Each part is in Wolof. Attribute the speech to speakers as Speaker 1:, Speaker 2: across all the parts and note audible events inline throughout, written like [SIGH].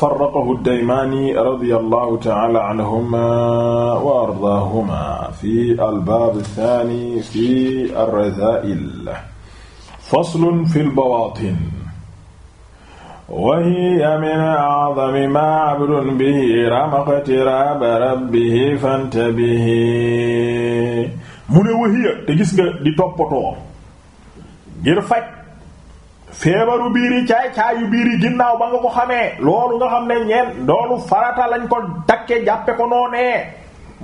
Speaker 1: farraqahu daymaani radiyallahu ta'ala anhuma wa ardaahuma fi albaab ath-thaani fi ar-razaa'il faslun fi al-bawaatin wa hiya min a'zami maa 'abdun bihi ramaqa tiraaba rabbihi fantabihi mu ne wa hiya te gis nga di toppatoo ngir faj feebaru biiri caay caayu biiri ginnaaw ba nga ko xamee loolu nga xam ne ñeen loolu farata lañ ko takkee jàppe ko noonee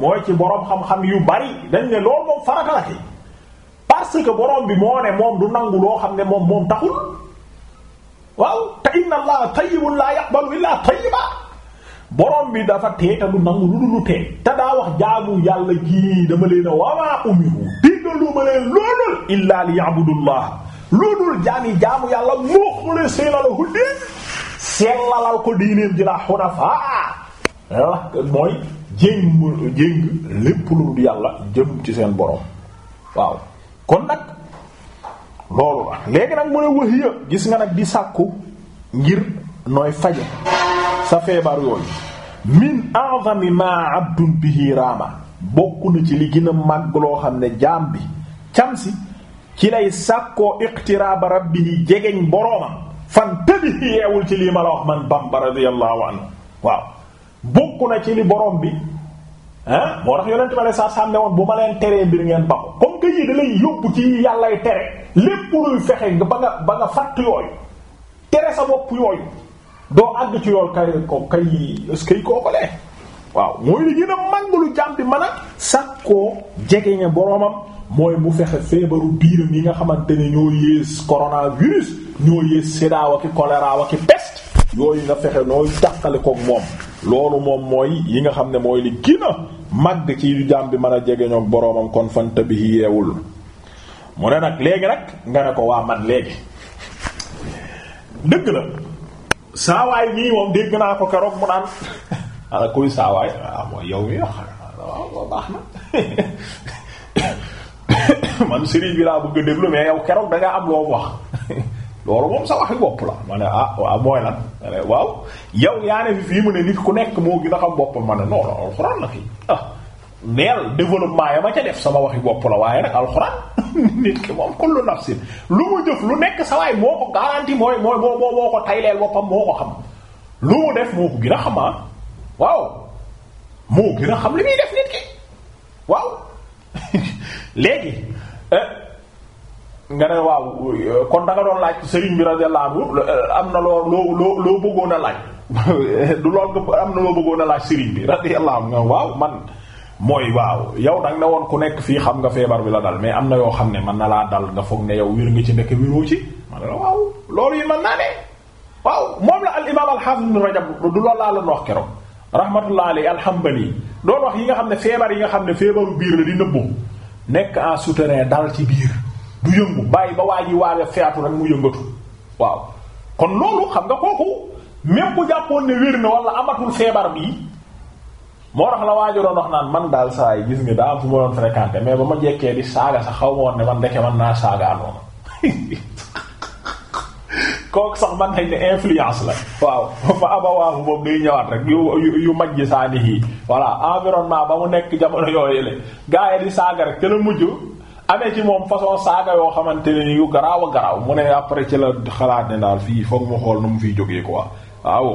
Speaker 1: mooy ci boroom xam-xam yu bari dañ ne loolu moom farata la ci parce que boroom bi moo ne moom du nangu loo xam ne moom moom taxul waaw te inna allaha tayyibun la yaqbalu illa tayyiba boroom bi dafa tee te du nangu lu dul lu te daa wax jaamu yàlla gii dama leen a waawaa umiru diggalu ma leen loolul illa li ya'budu lu dul jaam yi jaamu yàlla muxlisiina lahu diin sellalal ko diineem ji la xunafaa la mooy jéng jéng lépp lu dul yàlla jëm ci seen borom waaw kon nag loolu la léegi nag mu ne wahiya gis nga nag di sàkku ngir nooy faje sa feebar yooyu min a'zami ma abdun bihi raama bokk na ci li gën a màgg loo xam ne jaam bi camsi ci lay sàkkoo iqtiraaba rabbihi jegeñ boroomam fan tabihi yeewul ci lii ma la wax man Bamba radiyallahu anhu waaw bokk na ci li borom bi ah moo tax yonent ma le sa sànne woon bu ma leen teree mbir ngeen ba comme que yii da lay yóbbu ci yàllay tere lépp luy fexe nga ba nga ba nga fàtt yooyu tere sa bopp yooyu doo àgg ci yool kay ko kay s kay kookolee waaw mooy li gën a màgg lu jàmm bi mën a sàkkoo jege ña boromam mooy mu fexe feebaru biiram yi nga xamante ne ñoo yées coronavirus ñoo yées sida wa ki choléra ki peste yooyu nga fexe nooy tàqale koog moom loolu moom mooy yi nga xam ne mooy li gën a màgg ci lu jàmm bi mën a jege ñoog boromam kon fanta bi yeewul mu ne nag léegi nag nga ne ko waa mat léegi dëgg la saa waay nii moom dégg naa ko keroog mu naan. ana kuy saawaay ah, yow mi wax ah, waaw [COUGHS] man sëriñ bi laa bëgg a déglu yow keroog da ngaa am loo wax [LAUGHS] loolu moom sa waxi bopp la ma ne ah waaw mooy lan waaw yow yaa ne fi fii mu ne nit ku nekk moo gën a xam boppam ma ne non non alxuraan la fii ah, neel développement ya ma ca def sama waxi bopp la waaye nag alxuraan [LAUGHS] nit ki moom kullu nafsin lu mu jëf lu nekk sa waay moo ko garanti mooy mooy moo moo ko tayleel boppam moo ko xam lu mu def moo ko gën a xam ah waaw moo gën a xam li muy def nit ki waaw [LAUGHS] léegi eh, nga ne waaw eh, kon da doon laaj sëriñ bi radiyallahu anhu eh, am na loo loo loo bëggoon a laaj [LAUGHS] du lool nga am na loo bëggoon a laaj sëriñ bi radiyallahu anhu waaw man mooy waaw yow danga ne woon ku nekk fii xam nga feebar bi la dal mais am na yoo xam ne mën na laa dal nga foog ne yow wér nga ci nekk wéroo ci man la waaw loolu yi mën naa ne waaw moom la al imaam al rajab du loolu laa la wax keroog rahmatullah alayhi al-Hanbali doon wax yi nga xam ne feebar yi nga xam ne feebaru biir la di nëbbu nekk en souterrain daal ci biir du yëngu bàyyi ba waa ji waale featu rek mu yëngatu waaw kon loolu xam nga kooku même bu jàppoon ne wér na wala amatul feebar bi moo tax la waajo doon wax naan man daal saa yi gis nga daa am fu ma doon fréquenté mais ba ma jekkee di saaga sa xaw ma woon ne man ndeke man naa saaga anoona [LAUGHS] kooku sax man nañ ne influence la waaw fa abawaahu boobu day ñëwaat rek yu yu majj saani yi voilà environnement ba mu nekk jamono yooyu le gaa di saaga rek te la mujj amee ci moom façon saaga yoo xamante ne yu garaaw a garaaw mu ne après ci la xalaat ne daal fii foog mu xool nu mu fi jógee quoi waaw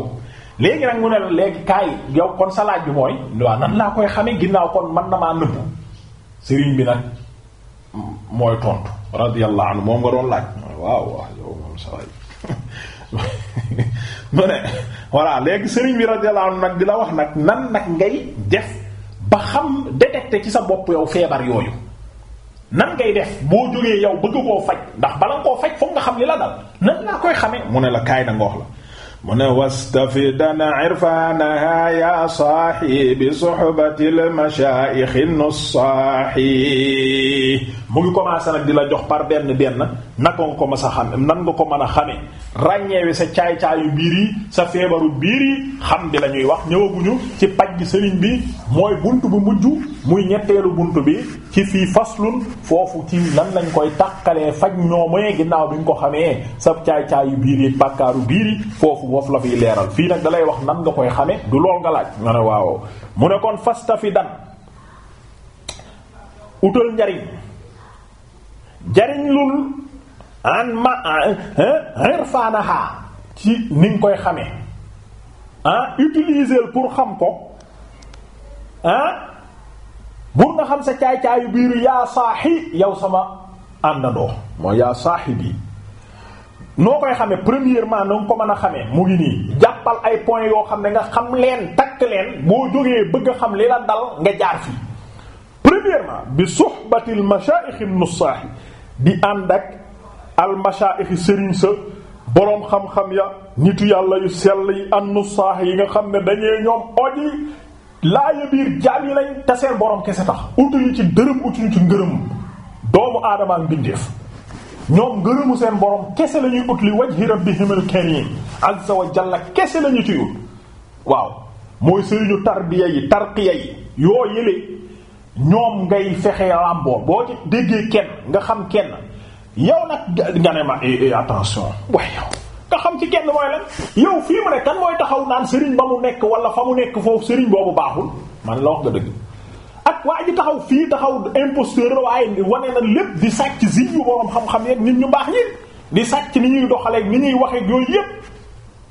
Speaker 1: léegi nag mu ne léegi kaay yow kon sa laaj bi mooy waaw nan laa koy xamee ginnaaw kon man na maa nëbbu sëriñ bi nag mooy tontu radiyallahu anhu mu ne voilà léegi sëriñ bi radiyallahu anhu nag di la wax nag nan nag ngay def ba xam détecter ci sa bopp yow feebar yooyu nan ngay def boo jógee yow bëgg koo faj ndax bala nga koo faj foog nga xam ni la dal nan laa koy xamee mu ne la kaay na ngoox la mu ne wastafidana irfaanaha ya saaxi bi soxbati l mashaayixi nussaaxi mu ngi commencé nag di la jox par benn benn naka nga ko mën a xam nan nga ko mën a xamee ràññeewi sa caay yu biir yi sa feebaru biir yi xam bi lañuy wax ñëwaguñu ci paj gi sëriñ bi mooy bunt bu mujj muy ñetteelu bunt bi ci fii faslun foofu ci nan lañ koy tàkkalee faj ñoomoyee ginnaaw bi ñu ko xamee sa caay yu biir yi bàkkaaru biir yi foofu boofu la fiy leeral fii nag dalay wax nan nga koy xame du lool nga laaj nga ne waaw mu ne kon fastafi dan utal njariñ jariñ lul an ma ah, irfanaha ci ni koy xame ah pour xam ko ah bur nga xam sa caay-caayu biir yaa saaxi yow sama àndandoo mooy yaa saaxi bi noo koy xame premièrement na ko mën a xamee mu ngi nii jàppal ay point yoo xam ne nga xam leen takk leen boo jógee bëgg xam li la dal nga jaar fii premièrement bi suhbatil mashaayixi nusaaxi di ànd ak almashaayixi sëriñ sa boroom xam-xam ya nit yàlla yu sell yi annu yi nga xam ne dañee ñoom oji laaya biir jaam yi lañ te seen boroom kese tax utuñu ci dërëm utuñu ci ngërëm doomu aadama mbindeef ñoom ngërëmu seen borom kese la ñuy ut li wajhi rabbihimul karim azza wa jalla kese lañu ñu ciy ut waaw mooy sëriñu tarbiya yi tarqiya yi yoo yële ñoom ngay fexe làmboo boo ci déggee kenn nga xam kenn yow nag nga ne ma eh, eh, attention waaye yow nga xam ci kenn mooy lan yow fii mu ne kan mooy taxaw naan sëriñ ba mu nekk wala fa mu nekk foofu sëriñ boobu baaxul man la wax nga dëgg ak waa ji taxaw fii taxaw imposteur la waaye wane na lépp di sàcc zig yu borom xam-xam yeeg nit ñu baax ñi di sàcc ni ñuy doxaleeg ni ñuy waxeeg yooyu yépp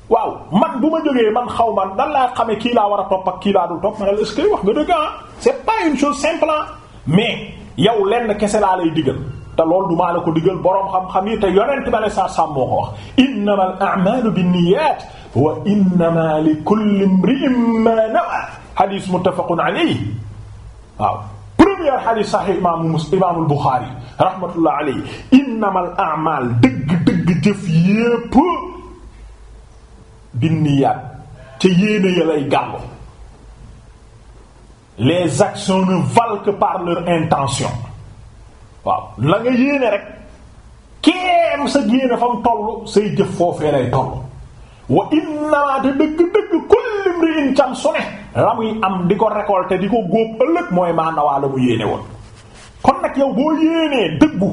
Speaker 1: waaw man bu ma jógee man xaw ma dan laa xamee kii laa war a topp ak kii laa dul topp man est-ce que wax nga dëgg ah, ah. mais yow lenn kese laa lay digal te loolu du maa la ko digal boroom xam-xam yi te yonent ba ne saa saa moo ko wax innamal a'malu binniyat ma nawa hadith muttafaqun alayhi premier hadith sahih imam muslim imam bukhari rahmatullah alayhi innamal a'mal dëgg dëgg jëf yépp binniyat ca les actions ne que par leur intention waaw la nga yéene rek kéem sa yéene fa mu toll say jëf foofee lay toll wa innamaa te dëgg-dëgg kulli mri'in cam su ne la muy am di ko récolter di ko góob ëllëg mooy maanawaa la mu yéene woon kon nag yow boo yéenee dëggu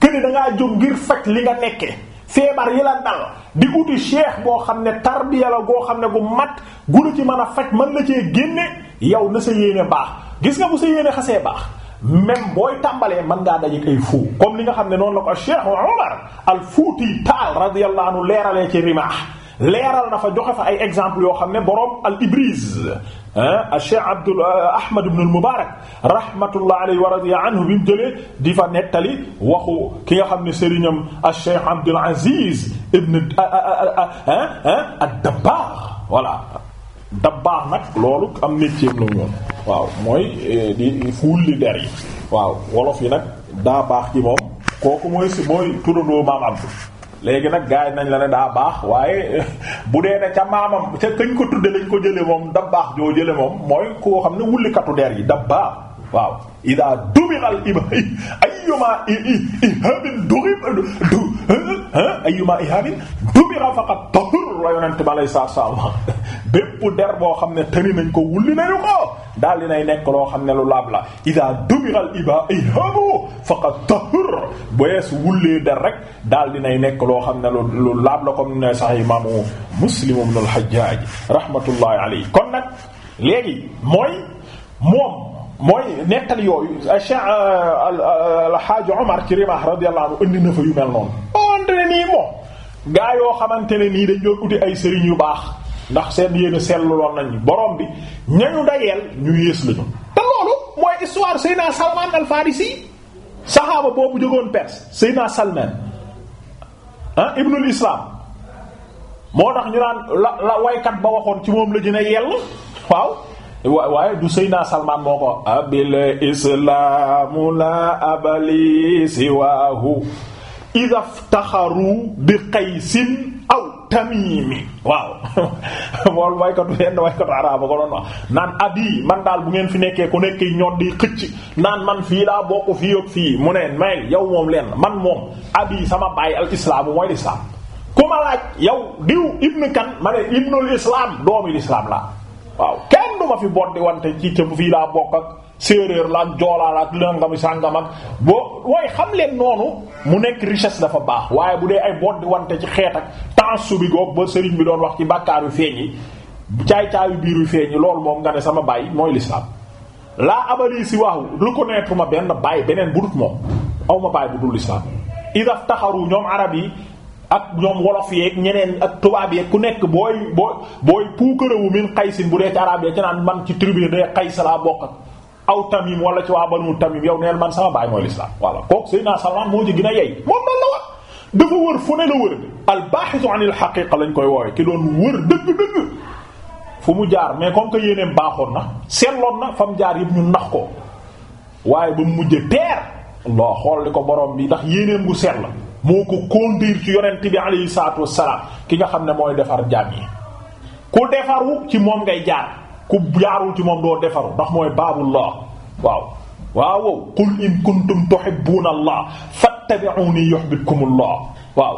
Speaker 1: këni dangaa jóg ngir faj li nga nekkee feebar yi la dal di uti cheikh boo xam ne tarbiya la goo xam ne gu mat gu la ci mën a faj mën la cee génne yow na sa yéene baax gis nga bu sa yéene xasee baax même booy tàmbalee mën ngaa dajeek ay fuu comme li nga xam ne noonu la ko Cheikh Omar al Fuuti Taal radiyallahu anhu leeralee ci Rimah leeral na fa joxe fa ay exemple yoo xam ne borom al Ibriz ah Cheikh Abdul euh, Ahmad ibn al Mubarak rahmatullah alayhi wa radiya anhu bi mu jëlee di fa nettali waxu ki nga xam ne sëriñam ah Cheikh Abdul Aziz ibn euh, euh, ad-Dabbagh voilà Dabbagh nag loolu am métier la waaw mooy eh, di fuul li der yi waaw wolof yi nag daa baax ci moom kooku mooy si mooy turandoo maam Abdou léegi nag gars nañ la ne daa baax waaye [LAUGHS] bu dee ne ca maamam ca kañ ko tudde lañ ko jële moom da baax joo jële moom mooy koo xam ne wullikatu der yi da baax waaw ida dumiral iba ayyuma ihabin durib du ayyuma ihabin dumira faqat tahur la yonent ba lay saar saam bépp der boo xam ne tëri nañ ko wulli nañu ko daal di nay nekk loo xam ne lu laab la ida dubiral iba ihabu faqad tahur bees wullee der rek daal di nay nekk loo xam ne lu lu laab la comme ne sax imaamu muslim ibn al-hajjaj rahmatullahi alayhi kon nag léegi mooy moom mooy nettali yooyu a euh, alhaaji euh, Omar ci Rimah radiyallahu anhu indi na fa yu mel noonu. wante ne nii moom gaa yoo xamante ne nii dañ doon uti ay sëriñ yu baax. ndax seen yéene selluloon nañ borom bi ñañu dajeel ñu yées lañu te loolu mooy histoire Seydina Salman al Farisi saxaaba boobu jógoon Perse Seydina Salman ah ibnul moo tax ñu naan la la waykat ba waxoon ci moom la gën a yell waaw waaye du Seydina Salman moo ko abil islaamu la abali siwaahu idaftaxaru bi qaysin aw tamimi waaw [LAUGHS] mool waykatu yenn waykatu araaba ko doon wax naan abi man daal bu ngeen fi nekkee ku nekk ñodd di xëcc naan man fii laa bokk fii ak fii mu ne may yow moom lenn man moom abi sama baay al islaamu mooy lislaam ku ma laaj yow diw ibnu kan ma ne ibnul islaam doomi lislaam la waaw kenn du ma fi boddi wante ci cëb fii laa bokk ak séeréer la ak ak lëngam sàngam ak boo waaye xam leen noonu mu nekk richesse dafa baax waaye bu dee ay boot di wante ci xeet ak temps bi goog ba sëriñ bi doon wax ci bàkkaaru feeñ yi caay caayu biir yu feeñ yi loolu moom nga ne sama baay mooy lislaam laa abali si waaw reconnaître ma benn baay beneen bu dut moom aw ma baay bu dul lislaam idaf taxaru ñoom arab yi ak ñoom wolof yeeg ñeneen ak tubaab yee ku nekk booy booy booy puukarewu min xaysin bu dee ci arab yi ci naan man ci tribu de xays laa bokk aw tamim wala ci waa banu tamim yow neel man sama baay mooy lislaam voilà kooku naa Salman moo ci gën a yey moom noonu la wax dafa wër fu ne la wër albaaxisu anil xaqiqa lañ koy woowee ki doon wër dëgg-dëgg fu mu jaar mais comme que yéeneem baaxoon na seetloon na fa mu jaar yëpp ñu nax ko waaye ba mu mujj teer loo xool li ko borom bi ndax yéeneem gu seet la moo ko conduire ci yonent bi alayhi salaatu wassalaam ki nga xam ne mooy defar jaam yi ci moom ngay jaar. ku jaarul ci moom doo defaru ndax mooy baabullah waaw waawow qul in kuntum tuhibbuuna allah fattabi'uuni yuhibbukumullah waaw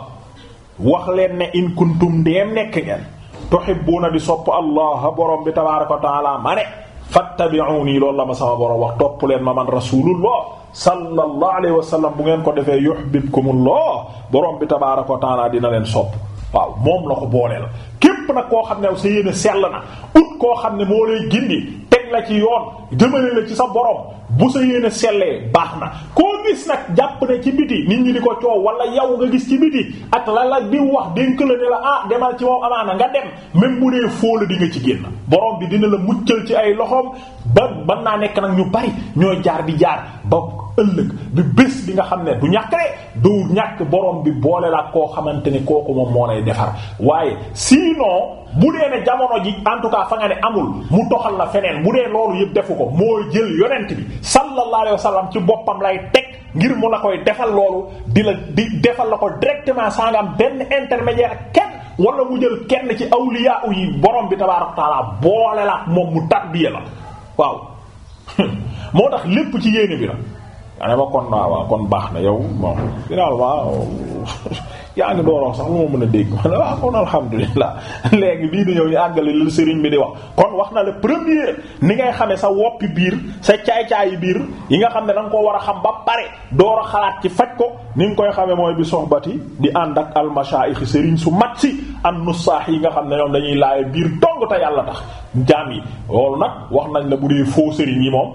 Speaker 1: wax leen ne in kuntum ndeem nekk ngeen tuhibbuuna di sopp allah borom bi tabaaraka wa taala ma ne fattabi'uuni loolu la ma sama borom wax topp leen ma man rasulullah sallallahu alayhi wa sallam bu ngeen ko defee yuhibbukumullah borom bi tabaaraka wa taala dina leen sopp waaw moom la ko booleel képp nag koo xam ne sa yéene sell na ut koo xam ne moo lay gindi teg la ci yoon jëmale la ci sa borom bu sa yéene sellee baax na koo gis nag jàpp ne ci biti nit ñi di ko coow wala yow nga gis ci biti ak la la di wax dénk la ne la ah demal ci moom amaana nga dem même bu dee fóola di nga ci génn borom bi dina la muccal ci ay loxoom ba man naa nekk nag ñu bari ñooy jaar bi jaar ba ëllëg bi bés bi nga xam ne du ñàkk du ñàkk borom bi boole la koo xamante ni kooku moom moo lay defar waaye sinon bu dee ne jamono ji en tout cas fa nga ne amul mu toxal la feneen mu dee loolu yëpp defu ko mooy jël yonent bi sallallahu alayhi wa ci boppam lay teg ngir mu la koy defal loolu di la di defal la ko directement saa nga am benn intermédiaire kenn wala mu jël kenn ci awliya yi borom bi tabaaraka taala boole la moom mu tarbiya la waaw [LAUGHS] moo tax lépp ci yéene bi ma kon waaw kon baax na yow bon finalement [LAUGHS] yaa ngi doon sax lu ma mën a dégg ma [LAUGHS] ne waaw kon alhamdulilah [LAUGHS] léegi bii di ñëw ñu àggale lu sëriñ bi di wax kon wax na la premier ni ngay xamee sa woppi biir sa caay-caayi biir yi nga xam ne danga ko war a xam ba pare door xalaat ci faj ko ni nga koy xamee mooy bi soxbati di ànd ak almashaayix sëriñ su mat si am nu saax yi nga xam ne ñoom dañuy laaye biir tong te yàlla tax jaam yi loolu nag wax nañ la bu sëriñ yi moom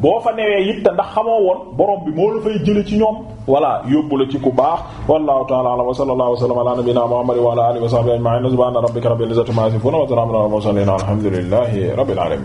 Speaker 1: boo fa newee it ndax xamoo woon borom bi moo la fay jële ci ñoom voilà yóbbu la ci ku baax wallahu ta'ala a'lam wa sallallahu wa sallam ala nabiyyina muhammad wa ala alihi wa sahbihi ajma'in subhana rabbika rabbil izzati amma yasifun wa salamun ala al mursalin alhamdulillahi rabbil alamin